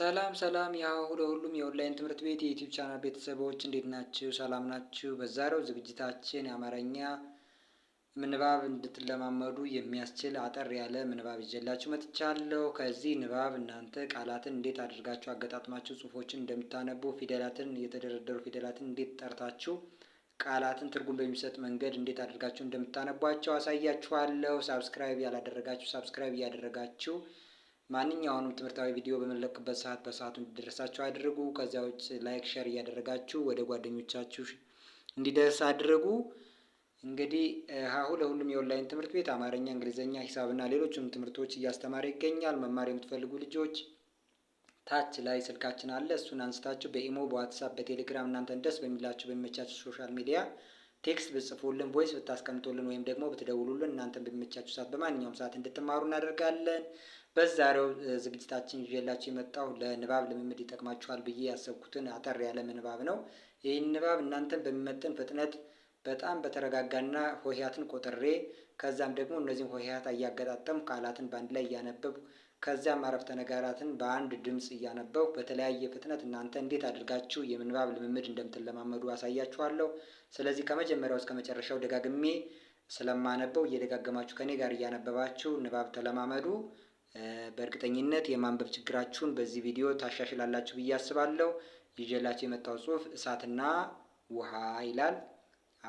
ሰላም ሰላም ያው ለሁሉም የኦንላይን ትምህርት ቤት የዩቲዩብ ቻናል ቤተሰቦች እንዴት ናችሁ? ሰላም ናችሁ? በዛሬው ዝግጅታችን የአማርኛ ምንባብ እንድትለማመዱ የሚያስችል አጠር ያለ ምንባብ ይዤላችሁ መጥቻለሁ። ከዚህ ንባብ እናንተ ቃላትን እንዴት አድርጋችሁ አገጣጥማችሁ ጽሁፎችን እንደምታነቡ፣ ፊደላትን የተደረደሩ ፊደላትን እንዴት ጠርታችሁ ቃላትን ትርጉም በሚሰጥ መንገድ እንዴት አድርጋችሁ እንደምታነቧቸው አሳያችኋለሁ። ሳብስክራይብ ያላደረጋችሁ ሳብስክራይብ እያደረጋችሁ ማንኛውንም ትምህርታዊ ቪዲዮ በመለቅበት ሰዓት በሰዓቱ እንዲደርሳቸው አድርጉ። ከዚያ ውጭ ላይክ፣ ሸር እያደረጋችሁ ወደ ጓደኞቻችሁ እንዲደርስ አድርጉ። እንግዲህ ሀሁ ለሁሉም የኦንላይን ትምህርት ቤት አማርኛ፣ እንግሊዝኛ፣ ሂሳብና ሌሎችም ትምህርቶች እያስተማረ ይገኛል። መማር የምትፈልጉ ልጆች ታች ላይ ስልካችን አለ። እሱን አንስታችሁ በኢሞ፣ በዋትሳፕ፣ በቴሌግራም እናንተን ደስ በሚላችሁ በሚመቻችሁ ሶሻል ሚዲያ ቴክስት ብጽፉልን፣ ቮይስ ብታስቀምጡልን፣ ወይም ደግሞ ብትደውሉልን እናንተን በሚመቻችሁ ሰዓት በማንኛውም ሰዓት እንድትማሩ እናደርጋለን። በዛሬው ዝግጅታችን ይዤላችሁ የመጣው ለንባብ ልምምድ ይጠቅማችኋል ብዬ ያሰብኩትን አጠር ያለ ምንባብ ነው። ይህን ንባብ እናንተን በሚመጥን ፍጥነት በጣም በተረጋጋና ሆሄያትን ቆጥሬ ከዛም ደግሞ እነዚህም ሆሄያት እያገጣጠም ቃላትን በአንድ ላይ እያነበብኩ ከዚያም አረፍተ ነገራትን በአንድ ድምፅ እያነበብኩ በተለያየ ፍጥነት እናንተ እንዴት አድርጋችሁ የምንባብ ልምምድ እንደምትለማመዱ አሳያችኋለሁ። ስለዚህ ከመጀመሪያው እስከ መጨረሻው ደጋግሜ ስለማነበው እየደጋገማችሁ ከኔ ጋር እያነበባችሁ ንባብ ተለማመዱ። በእርግጠኝነት የማንበብ ችግራችሁን በዚህ ቪዲዮ ታሻሽላላችሁ ብዬ አስባለሁ። ይዤላችሁ የመጣው ጽሁፍ እሳትና ውሃ ይላል።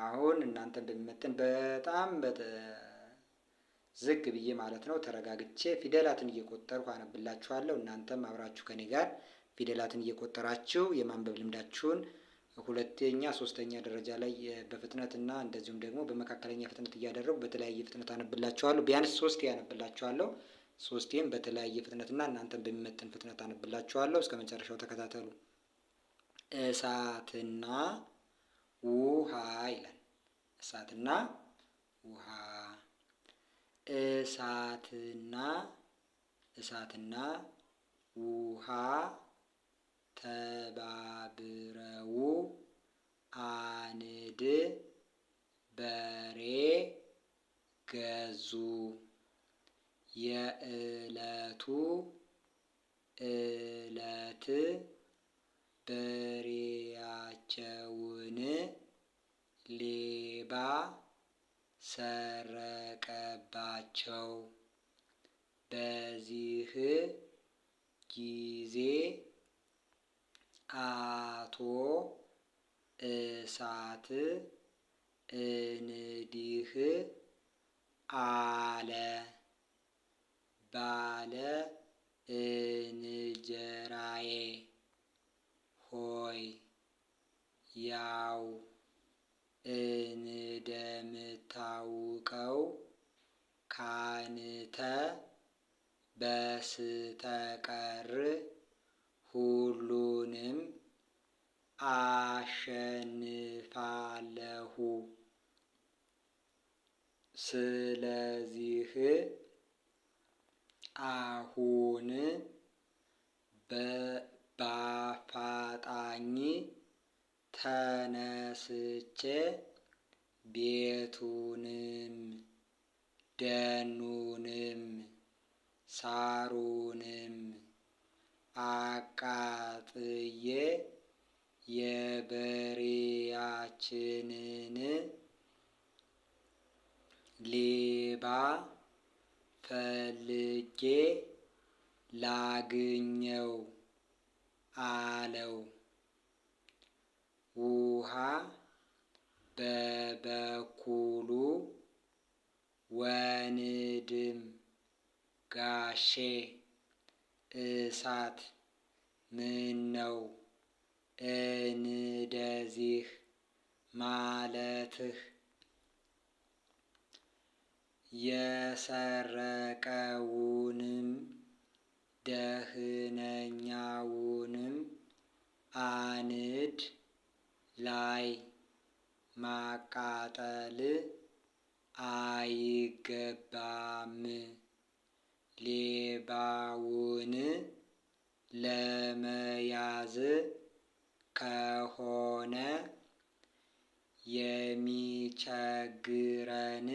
አሁን እናንተን በሚመጥን በጣም ዝግ ብዬ ማለት ነው ተረጋግቼ ፊደላትን እየቆጠርኩ አነብላችኋለሁ። እናንተም አብራችሁ ከኔ ጋር ፊደላትን እየቆጠራችሁ የማንበብ ልምዳችሁን ሁለተኛ፣ ሶስተኛ ደረጃ ላይ በፍጥነት እና እንደዚሁም ደግሞ በመካከለኛ ፍጥነት እያደረጉ በተለያየ ፍጥነት አነብላችኋለሁ። ቢያንስ ሶስት ያነብላችኋለሁ። ሶስቴም በተለያየ ፍጥነትና እናንተን በሚመጥን ፍጥነት አነብላችኋለሁ። እስከ መጨረሻው ተከታተሉ። እሳትና ውሃ ይላል። እሳትና ውሃ እሳትና እሳትና ውሃ ተባብረው አንድ በሬ ገዙ። የእለቱ እለት በሬያቸውን ሌባ ሰረቀባቸው። በዚህ ጊዜ አቶ እሳት እንዲህ አለ ባለ እንጀራዬ ሆይ ያው እንደምታውቀው ካንተ በስተቀር ሁሉንም አሸንፋለሁ። ስለዚህ አሁን በአፋጣኝ ተነስቼ ቤቱንም ደኑንም ሳሩንም አቃጥዬ የበሬያችንን ሌባ ፈልጌ ላግኘው አለው። ውሃ በበኩሉ ወንድም ጋሼ እሳት ምን ነው? እንደዚህ ማለትህ የሰረቀውንም ደህነኛውንም አንድ ላይ ማቃጠል አይገባም። ሌባውን ለመያዝ ከሆነ የሚቸግረን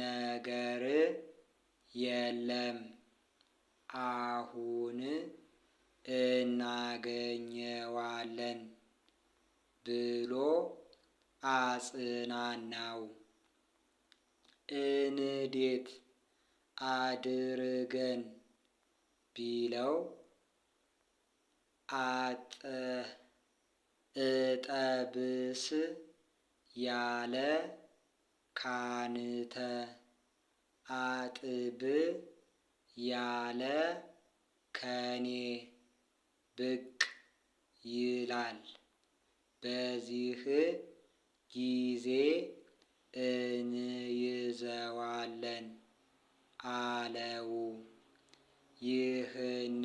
ነገር የለም። አሁን እናገኘዋለን ብሎ አጽናናው። እንዴት አድርገን ቢለው አጠ- እጠብስ ያለ ካንተ አጥብ ያለ ከኔ ብቅ ይላል። በዚህ ጊዜ እንይዘዋለን አለው። ይህን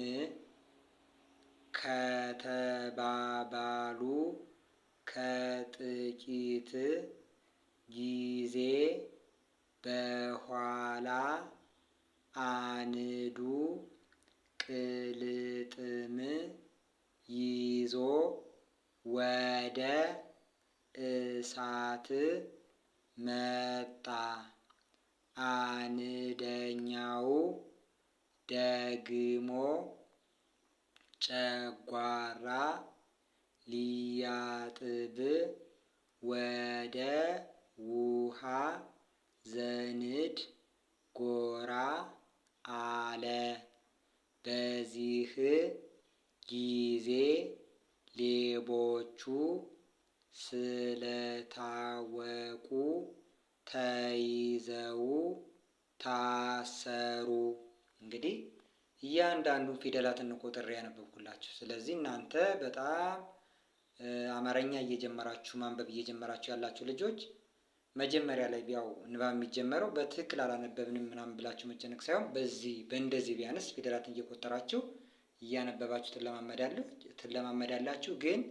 ከተባባሉ ከጥቂት ይዞ ወደ እሳት መጣ። አንደኛው ደግሞ ጨጓራ ሊያጥብ ወደ ውሃ ዘንድ ጎራ አለ። በዚህ ጊዜ ሌቦቹ ስለታወቁ ተይዘው ታሰሩ። እንግዲህ እያንዳንዱን ፊደላትን ቆጥሬ ያነበብኩላችሁ። ስለዚህ እናንተ በጣም አማርኛ እየጀመራችሁ ማንበብ እየጀመራችሁ ያላችሁ ልጆች መጀመሪያ ላይ ያው ንባብ የሚጀመረው በትክክል አላነበብንም ምናምን ብላችሁ መጨነቅ ሳይሆን በዚህ በእንደዚህ ቢያንስ ፊደላትን እየቆጠራችሁ እያነበባችሁ ትለማመዳላችሁ። ግን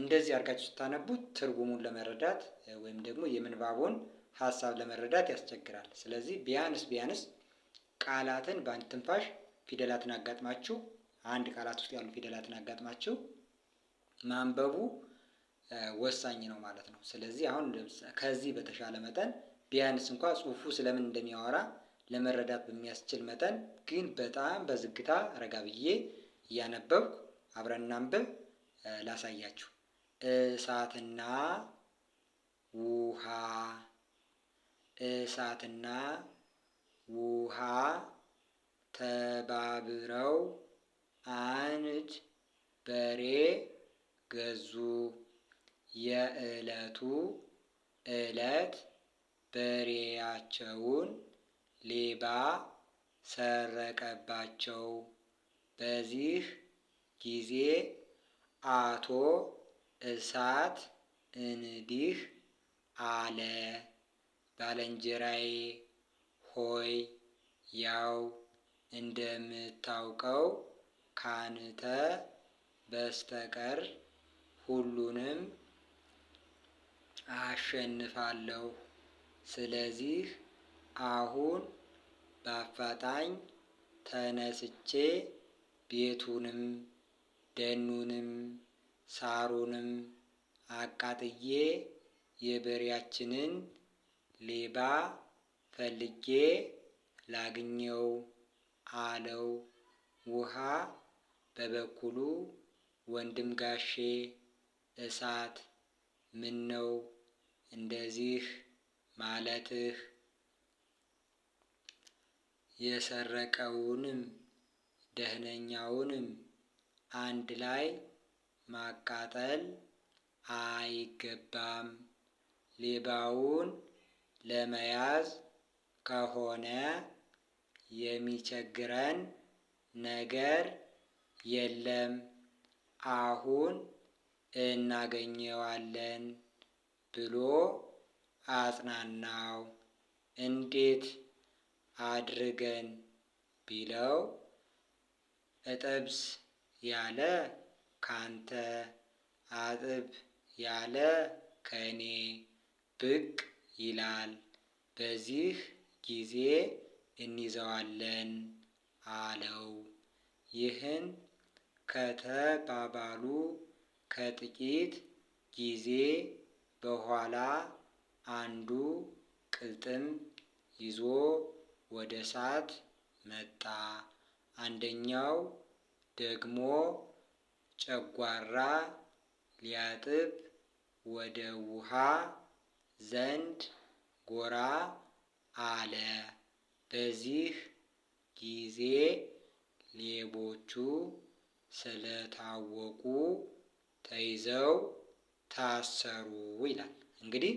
እንደዚህ አድርጋችሁ ስታነቡት ትርጉሙን ለመረዳት ወይም ደግሞ የምንባቡን ሀሳብ ለመረዳት ያስቸግራል። ስለዚህ ቢያንስ ቢያንስ ቃላትን በአንድ ትንፋሽ ፊደላትን አጋጥማችሁ አንድ ቃላት ውስጥ ያሉ ፊደላትን አጋጥማችሁ ማንበቡ ወሳኝ ነው ማለት ነው። ስለዚህ አሁን ከዚህ በተሻለ መጠን ቢያንስ እንኳ ጽሑፉ ስለምን እንደሚያወራ ለመረዳት በሚያስችል መጠን ግን በጣም በዝግታ ረጋ ብዬ እያነበብኩ አብረን እናንብብ። ላሳያችሁ። እሳትና ውሃ፣ እሳትና ውሃ ተባብረው አንድ በሬ ገዙ። የዕለቱ ዕለት በሬያቸውን ሌባ ሰረቀባቸው። በዚህ ጊዜ አቶ እሳት እንዲህ አለ፣ ባልንጀራዬ ሆይ ያው እንደምታውቀው ካንተ በስተቀር ሁሉንም አሸንፋለሁ። ስለዚህ አሁን በአፋጣኝ ተነስቼ ቤቱንም ደኑንም ሳሩንም አቃጥዬ የበሬያችንን ሌባ ፈልጌ ላግኘው አለው። ውሃ በበኩሉ ወንድም ጋሼ እሳት ምነው እንደዚህ ማለትህ የሰረቀውንም ደህነኛውንም አንድ ላይ ማቃጠል አይገባም። ሌባውን ለመያዝ ከሆነ የሚቸግረን ነገር የለም፣ አሁን እናገኘዋለን ብሎ አጽናናው። እንዴት አድርገን ቢለው እጥብስ ያለ ካንተ አጥብ ያለ ከኔ ብቅ ይላል። በዚህ ጊዜ እንይዘዋለን አለው። ይህን ከተባባሉ ከጥቂት ጊዜ በኋላ አንዱ ቅልጥም ይዞ ወደ እሳት መጣ። አንደኛው ደግሞ ጨጓራ ሊያጥብ ወደ ውሃ ዘንድ ጎራ አለ። በዚህ ጊዜ ሌቦቹ ስለታወቁ ተይዘው ታሰሩ ይላል እንግዲህ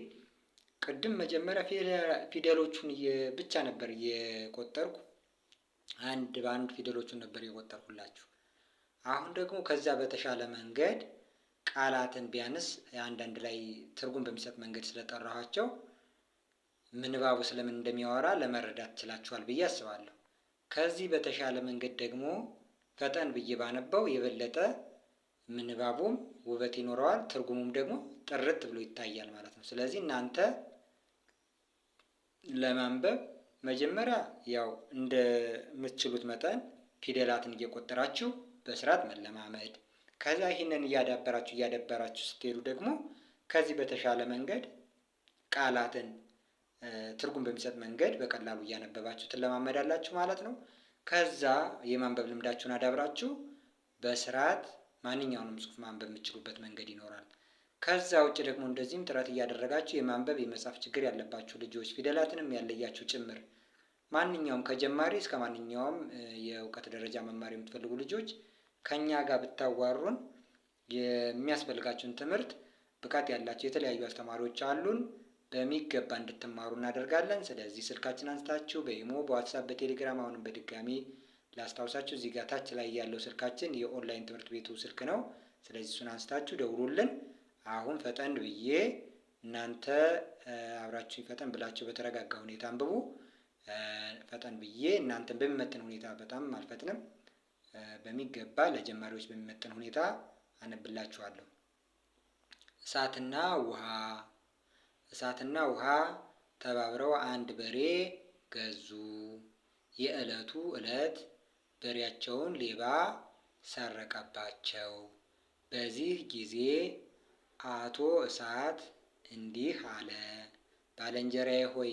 ቅድም መጀመሪያ ፊደሎቹን ብቻ ነበር እየቆጠርኩ አንድ በአንድ ፊደሎቹን ነበር የቆጠርኩላችሁ። አሁን ደግሞ ከዛ በተሻለ መንገድ ቃላትን ቢያንስ አንዳንድ ላይ ትርጉም በሚሰጥ መንገድ ስለጠራኋቸው ምንባቡ ስለምን እንደሚያወራ ለመረዳት ችላችኋል ብዬ አስባለሁ። ከዚህ በተሻለ መንገድ ደግሞ ፈጠን ብዬ ባነበው የበለጠ ምንባቡም ውበት ይኖረዋል፣ ትርጉሙም ደግሞ ጥርት ብሎ ይታያል ማለት ነው። ስለዚህ እናንተ ለማንበብ መጀመሪያ ያው እንደምትችሉት መጠን ፊደላትን እየቆጠራችሁ በስርዓት መለማመድ ከዛ ይህንን እያዳበራችሁ እያደበራችሁ ስትሄዱ ደግሞ ከዚህ በተሻለ መንገድ ቃላትን ትርጉም በሚሰጥ መንገድ በቀላሉ እያነበባችሁ ትለማመዳላችሁ ማለት ነው። ከዛ የማንበብ ልምዳችሁን አዳብራችሁ በስርዓት ማንኛውንም ጽሑፍ ማንበብ የምትችሉበት መንገድ ይኖራል። ከዛ ውጭ ደግሞ እንደዚህም ጥረት እያደረጋችሁ የማንበብ የመጻፍ ችግር ያለባችሁ ልጆች ፊደላትንም ያለያችሁ ጭምር ማንኛውም ከጀማሪ እስከ ማንኛውም የእውቀት ደረጃ መማር የምትፈልጉ ልጆች ከኛ ጋር ብታዋሩን የሚያስፈልጋችሁን ትምህርት ብቃት ያላቸው የተለያዩ አስተማሪዎች አሉን በሚገባ እንድትማሩ እናደርጋለን። ስለዚህ ስልካችን አንስታችሁ በኢሞ፣ በዋትሳፕ፣ በቴሌግራም አሁንም በድጋሚ ላስታውሳችሁ እዚህ ጋር ታች ላይ ያለው ስልካችን የኦንላይን ትምህርት ቤቱ ስልክ ነው። ስለዚህ እሱን አንስታችሁ ደውሉልን። አሁን ፈጠን ብዬ እናንተ አብራችሁ ፈጠን ብላችሁ በተረጋጋ ሁኔታ አንብቡ። ፈጠን ብዬ እናንተን በሚመጥን ሁኔታ በጣም አልፈጥንም፣ በሚገባ ለጀማሪዎች በሚመጥን ሁኔታ አነብላችኋለሁ። እሳትና ውሃ እሳትና ውሃ ተባብረው አንድ በሬ ገዙ። የዕለቱ ዕለት በሬያቸውን ሌባ ሰረቀባቸው። በዚህ ጊዜ አቶ እሳት እንዲህ አለ፣ ባልንጀራዬ ሆይ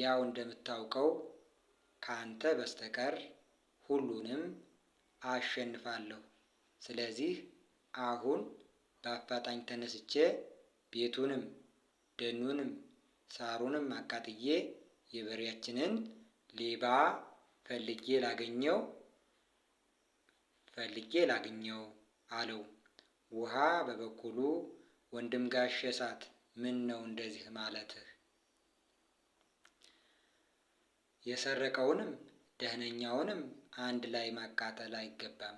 ያው እንደምታውቀው ከአንተ በስተቀር ሁሉንም አሸንፋለሁ። ስለዚህ አሁን በአፋጣኝ ተነስቼ ቤቱንም ደኑንም ሳሩንም አቃጥዬ የበሬያችንን ሌባ ፈልጌ ላገኘው ፈልጌ ላገኘው አለው። ውሃ በበኩሉ ወንድም ጋሽ እሳት ምን ነው እንደዚህ ማለትህ? የሰረቀውንም ደህነኛውንም አንድ ላይ ማቃጠል አይገባም።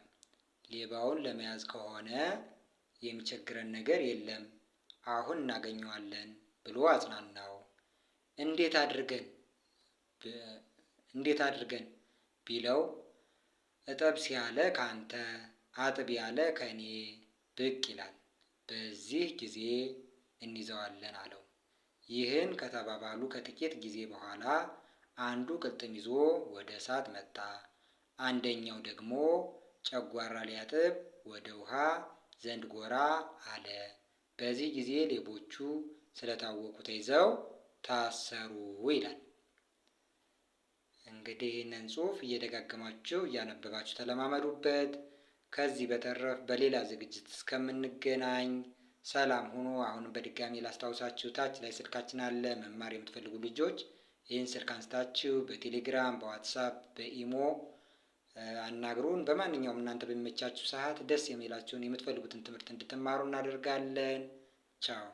ሌባውን ለመያዝ ከሆነ የሚቸግረን ነገር የለም፣ አሁን እናገኘዋለን ብሎ አጽናናው። እንዴት አድርገን እንዴት አድርገን ቢለው እጠብ ሲያለ ካንተ አጥብ ያለ ከእኔ ብቅ ይላል። በዚህ ጊዜ እንይዘዋለን አለው። ይህን ከተባባሉ ከጥቂት ጊዜ በኋላ አንዱ ቅልጥም ይዞ ወደ እሳት መጣ። አንደኛው ደግሞ ጨጓራ ሊያጥብ ወደ ውሃ ዘንድ ጎራ አለ። በዚህ ጊዜ ሌቦቹ ስለታወቁ ተይዘው ታሰሩ ይላል። እንግዲህ ይህንን ጽሑፍ እየደጋገማችሁ እያነበባችሁ ተለማመዱበት። ከዚህ በተረፍ በሌላ ዝግጅት እስከምንገናኝ ሰላም ሁኑ። አሁን በድጋሚ ላስታውሳችሁ ታች ላይ ስልካችን አለ። መማር የምትፈልጉ ልጆች ይህን ስልክ አንስታችሁ በቴሌግራም፣ በዋትሳፕ፣ በኢሞ አናግሩን። በማንኛውም እናንተ በሚመቻችሁ ሰዓት ደስ የሚላችሁን የምትፈልጉትን ትምህርት እንድትማሩ እናደርጋለን። ቻው